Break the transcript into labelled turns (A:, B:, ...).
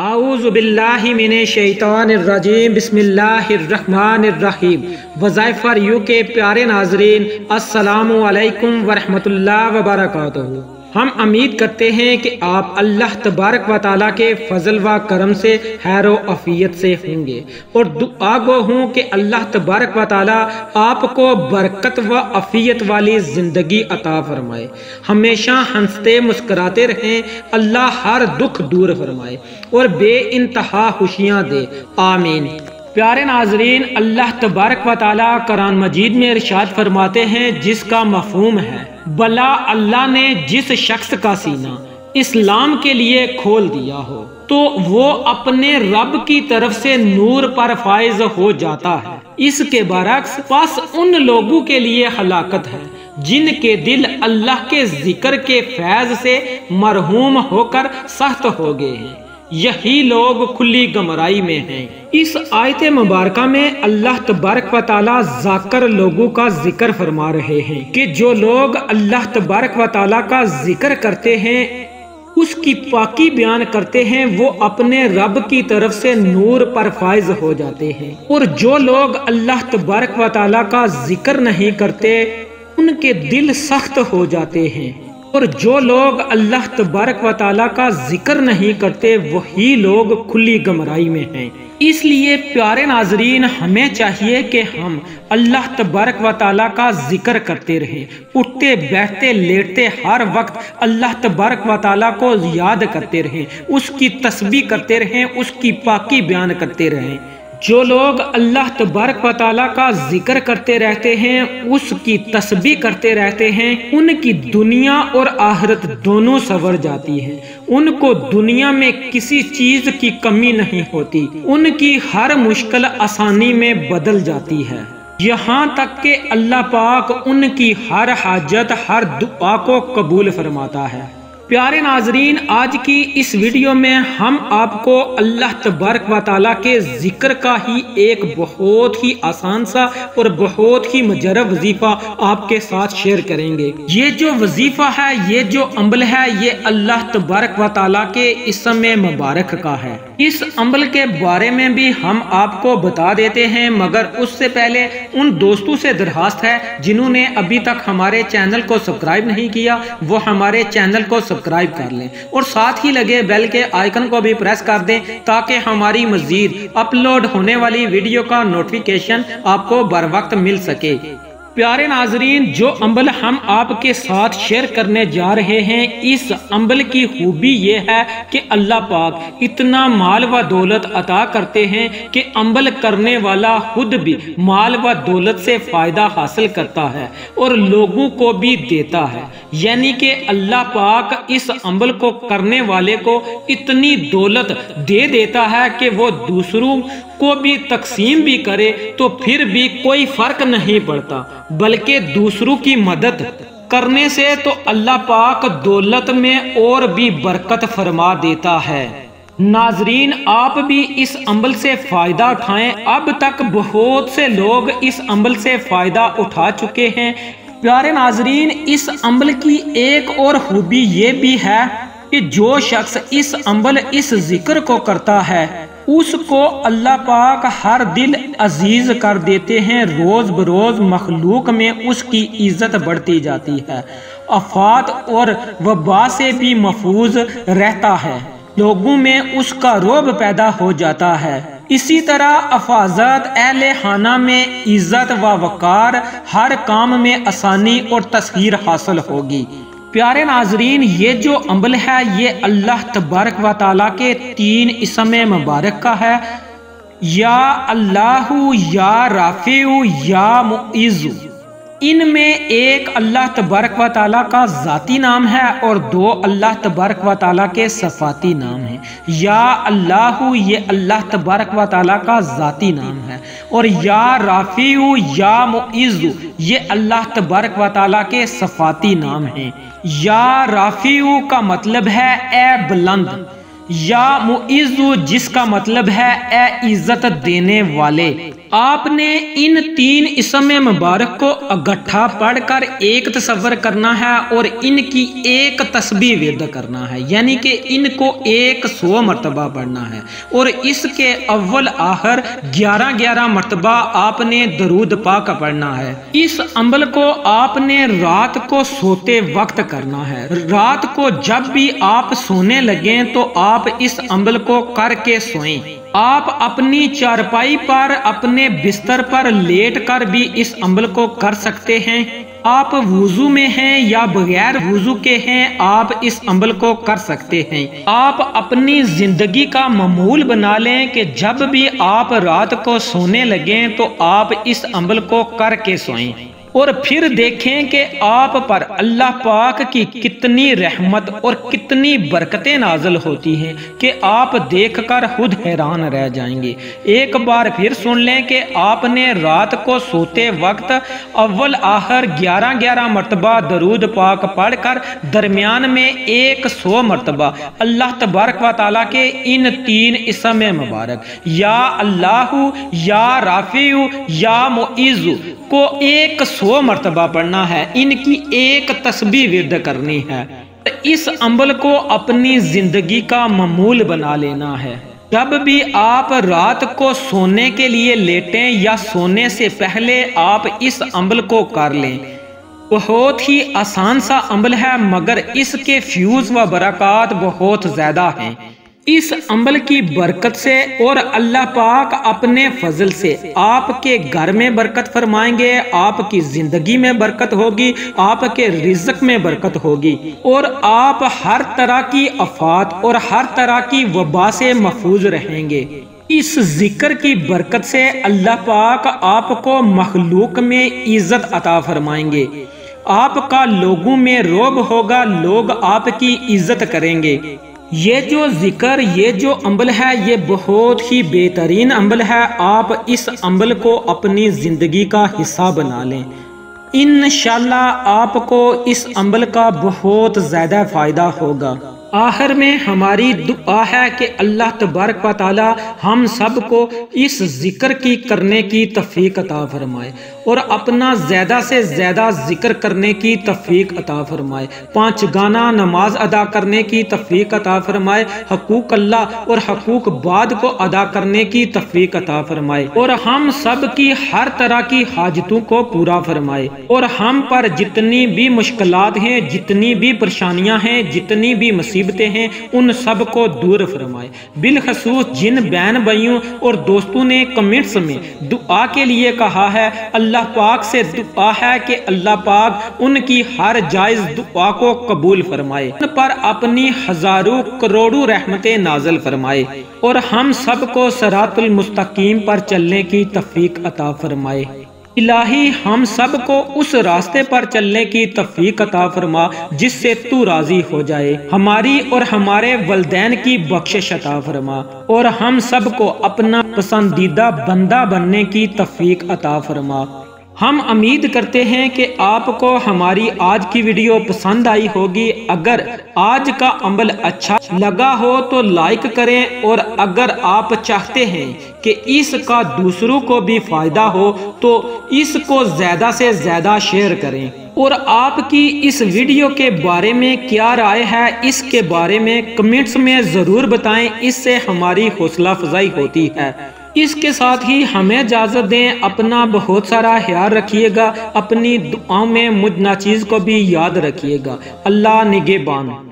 A: اعوذ باللہ من شیطان الرجیم بسم اللہ الرحمن الرحیم وظائفر یو کے پیارے ناظرین السلام علیکم ورحمۃ اللہ وبرکاتہ ہم امید کرتے ہیں کہ آپ اللہ تبارک و تعالیٰ کے فضل و کرم سے حیر و افیت سے ہوں گے اور دعا گو ہوں کہ اللہ تبارک و تعالیٰ آپ کو برکت و افیت والی زندگی عطا فرمائے ہمیشہ ہنستے مسکراتے رہیں اللہ ہر دکھ دور فرمائے اور بے انتہا خوشیاں دے آمین پیارے ناظرین اللہ تبارک و تعالیٰ قرآن مجید میں ارشاد فرماتے ہیں جس کا مفہوم ہے بلا اللہ نے جس شخص کا سینہ اسلام کے لیے کھول دیا ہو تو وہ اپنے رب کی طرف سے نور پر فائز ہو جاتا ہے اس کے برعکس پاس ان لوگوں کے لیے ہلاکت ہے جن کے دل اللہ کے ذکر کے فیض سے مرحوم ہو کر سخت ہو گئے ہیں یہی لوگ کھلی گمرائی میں ہیں اس آیت مبارکہ میں اللہ تبارک و تعالیٰ ہیں کہ جو لوگ اللہ تبارک و تعالیٰ کا ذکر کرتے ہیں اس کی پاکی بیان کرتے ہیں وہ اپنے رب کی طرف سے نور پر فائز ہو جاتے ہیں اور جو لوگ اللہ تبارک و تعالیٰ کا ذکر نہیں کرتے ان کے دل سخت ہو جاتے ہیں اور جو لوگ اللہ تبارک و تعالیٰ کا ذکر نہیں کرتے وہی لوگ کھلی گمرائی میں ہیں اس لیے پیارے ناظرین ہمیں چاہیے کہ ہم اللہ تبارک و تعالیٰ کا ذکر کرتے رہیں اٹھتے بیٹھتے لیٹتے ہر وقت اللہ تبارک و تعالیٰ کو یاد کرتے رہیں اس کی تسبیح کرتے رہیں اس کی پاکی بیان کرتے رہیں جو لوگ اللہ تبارک و تعالیٰ کا ذکر کرتے رہتے ہیں اس کی تسبیح کرتے رہتے ہیں ان کی دنیا اور آہرت دونوں سور جاتی ہیں ان کو دنیا میں کسی چیز کی کمی نہیں ہوتی ان کی ہر مشکل آسانی میں بدل جاتی ہے یہاں تک کہ اللہ پاک ان کی ہر حاجت ہر دعا کو قبول فرماتا ہے پیارے ناظرین آج کی اس ویڈیو میں ہم آپ کو اللہ تبارک و تعالیٰ کے ذکر کا ہی ایک بہت ہی آسان سا اور بہت ہی مجرب وظیفہ آپ کے ساتھ شیئر کریں گے یہ جو وظیفہ ہے یہ جو عمل ہے یہ اللہ تبارک و تعالیٰ کے اسم مبارک کا ہے اس عمل کے بارے میں بھی ہم آپ کو بتا دیتے ہیں مگر اس سے پہلے ان دوستوں سے درخواست ہے جنہوں نے ابھی تک ہمارے چینل کو سبسکرائب نہیں کیا وہ ہمارے چینل کو سبسکرائب کر لیں اور ساتھ ہی لگے بیل کے آئیکن کو بھی پریس کر دیں تاکہ ہماری مزید اپلوڈ ہونے والی ویڈیو کا نوٹفیکیشن آپ کو بر وقت مل سکے پیارے ناظرین جو امبل ہم آپ کے ساتھ شیئر کرنے جا رہے ہیں اس عمل کی خوبی یہ ہے کہ اللہ پاک اتنا مال و دولت عطا کرتے ہیں کہ عمل کرنے والا خود بھی مال و دولت سے فائدہ حاصل کرتا ہے اور لوگوں کو بھی دیتا ہے یعنی کہ اللہ پاک اس عمل کو کرنے والے کو اتنی دولت دے دیتا ہے کہ وہ دوسروں کو بھی تقسیم بھی کرے تو پھر بھی کوئی فرق نہیں پڑتا بلکہ دوسروں کی مدد کرنے سے تو اللہ پاک دولت میں اور بھی برکت فرما دیتا ہے ناظرین آپ بھی اس عمل سے فائدہ اٹھائیں اب تک بہت سے لوگ اس عمل سے فائدہ اٹھا چکے ہیں پیارے ناظرین اس عمل کی ایک اور خوبی یہ بھی ہے کہ جو شخص اس عمل اس ذکر کو کرتا ہے اس کو اللہ پاک ہر دل عزیز کر دیتے ہیں روز بروز مخلوق میں اس کی عزت بڑھتی جاتی ہے افات اور وبا سے بھی محفوظ رہتا ہے لوگوں میں اس کا روب پیدا ہو جاتا ہے اسی طرح افاظت اہل خانہ میں عزت و وقار ہر کام میں آسانی اور تصویر حاصل ہوگی پیارے ناظرین یہ جو عمل ہے یہ اللہ تبارک و تعالیٰ کے تین اسم مبارک کا ہے یا اللہ یا رافع یا معیز ان میں ایک اللہ تبارک و تعالیٰ کا ذاتی نام ہے اور دو اللہ تبارک و تعالیٰ کے صفاتی نام ہیں یا اللہ یہ اللہ تبارک و تعالیٰ کا ذاتی نام ہے اور یا ہو یا ہو یہ اللہ تبارک و تعالیٰ کے صفاتی نام ہیں یا ہو کا مطلب ہے اے بلند یا معیز جس کا مطلب ہے اے عزت دینے والے آپ نے ان تین اسم مبارک کو اگٹھا پڑھ کر ایک تصور کرنا ہے اور ان کی ایک تصبی کرنا ہے یعنی کہ ان کو ایک سو مرتبہ پڑھنا ہے اور اس کے اول آخر گیارہ گیارہ مرتبہ آپ نے درود پاک پڑھنا ہے اس عمل کو آپ نے رات کو سوتے وقت کرنا ہے رات کو جب بھی آپ سونے لگیں تو آپ اس عمل کو کر کے سوئیں آپ اپنی چارپائی پر اپنے بستر پر لیٹ کر بھی اس عمل کو کر سکتے ہیں آپ وضو میں ہیں یا بغیر وضو کے ہیں آپ اس عمل کو کر سکتے ہیں آپ اپنی زندگی کا معمول بنا لیں کہ جب بھی آپ رات کو سونے لگیں تو آپ اس عمل کو کر کے سوئیں اور پھر دیکھیں کہ آپ پر اللہ پاک کی کتنی رحمت اور کتنی برکتیں نازل ہوتی ہیں کہ آپ دیکھ کر خود حیران رہ جائیں گے ایک بار پھر سن لیں کہ آپ نے رات کو سوتے وقت اول آخر گیارہ گیارہ مرتبہ درود پاک پڑھ کر درمیان میں ایک سو مرتبہ اللہ تبارک و تعالیٰ کے ان تین اسم مبارک یا اللہ یا رافیو یا معیزو کو ایک سو سو مرتبہ پڑھنا ہے ان کی ایک تسبیح ورد کرنی ہے اس عمل کو اپنی زندگی کا معمول بنا لینا ہے جب بھی آپ رات کو سونے کے لیے لیٹیں یا سونے سے پہلے آپ اس عمل کو کر لیں بہت ہی آسان سا عمل ہے مگر اس کے فیوز و برکات بہت زیادہ ہیں اس عمل کی برکت سے اور اللہ پاک اپنے فضل سے آپ کے گھر میں برکت فرمائیں گے آپ کی زندگی میں برکت ہوگی آپ کے رزق میں برکت ہوگی اور آپ ہر طرح کی افات اور ہر طرح کی وبا سے محفوظ رہیں گے اس ذکر کی برکت سے اللہ پاک آپ کو مخلوق میں عزت عطا فرمائیں گے آپ کا لوگوں میں روب ہوگا لوگ آپ کی عزت کریں گے یہ جو ذکر یہ جو عمل ہے یہ بہت ہی بہترین عمل ہے آپ اس عمل کو اپنی زندگی کا حصہ بنا لیں انشاءاللہ آپ کو اس عمل کا بہت زیادہ فائدہ ہوگا آخر میں ہماری دعا ہے کہ اللہ تبارک و تعالی ہم سب کو اس ذکر کی کرنے کی تفیق عطا فرمائے اور اپنا زیادہ سے زیادہ ذکر کرنے کی تفیق عطا فرمائے پانچ گانا نماز ادا کرنے کی تفیق عطا فرمائے حقوق اللہ اور حقوق بعد کو ادا کرنے کی تفیق عطا فرمائے اور ہم سب کی ہر طرح کی حاجتوں کو پورا فرمائے اور ہم پر جتنی بھی مشکلات ہیں جتنی بھی پریشانیاں ہیں جتنی بھی مصیبتیں ہیں ان سب کو دور فرمائے بالخصوص جن بین بھائیوں اور دوستوں نے کمنٹس میں دعا کے لیے کہا ہے اللہ اللہ پاک سے دعا ہے کہ اللہ پاک ان کی ہر جائز دعا کو قبول فرمائے ان پر اپنی ہزاروں کروڑوں رحمتیں نازل فرمائے اور ہم سب کو سرات المستقیم پر چلنے کی تفیق عطا فرمائے الہی ہم سب کو اس راستے پر چلنے کی تفیق عطا فرما جس سے تو راضی ہو جائے ہماری اور ہمارے والدین کی بخشش عطا فرما اور ہم سب کو اپنا پسندیدہ بندہ بننے کی تفیق عطا فرما ہم امید کرتے ہیں کہ آپ کو ہماری آج کی ویڈیو پسند آئی ہوگی اگر آج کا عمل اچھا لگا ہو تو لائک کریں اور اگر آپ چاہتے ہیں کہ اس کا دوسروں کو بھی فائدہ ہو تو اس کو زیادہ سے زیادہ شیئر کریں اور آپ کی اس ویڈیو کے بارے میں کیا رائے ہے اس کے بارے میں کمنٹس میں ضرور بتائیں اس سے ہماری حوصلہ افزائی ہوتی ہے اس کے ساتھ ہی ہمیں اجازت دیں اپنا بہت سارا خیال رکھیے گا اپنی دعاؤں میں مجھ ناچیز چیز کو بھی یاد رکھیے گا اللہ نگے بان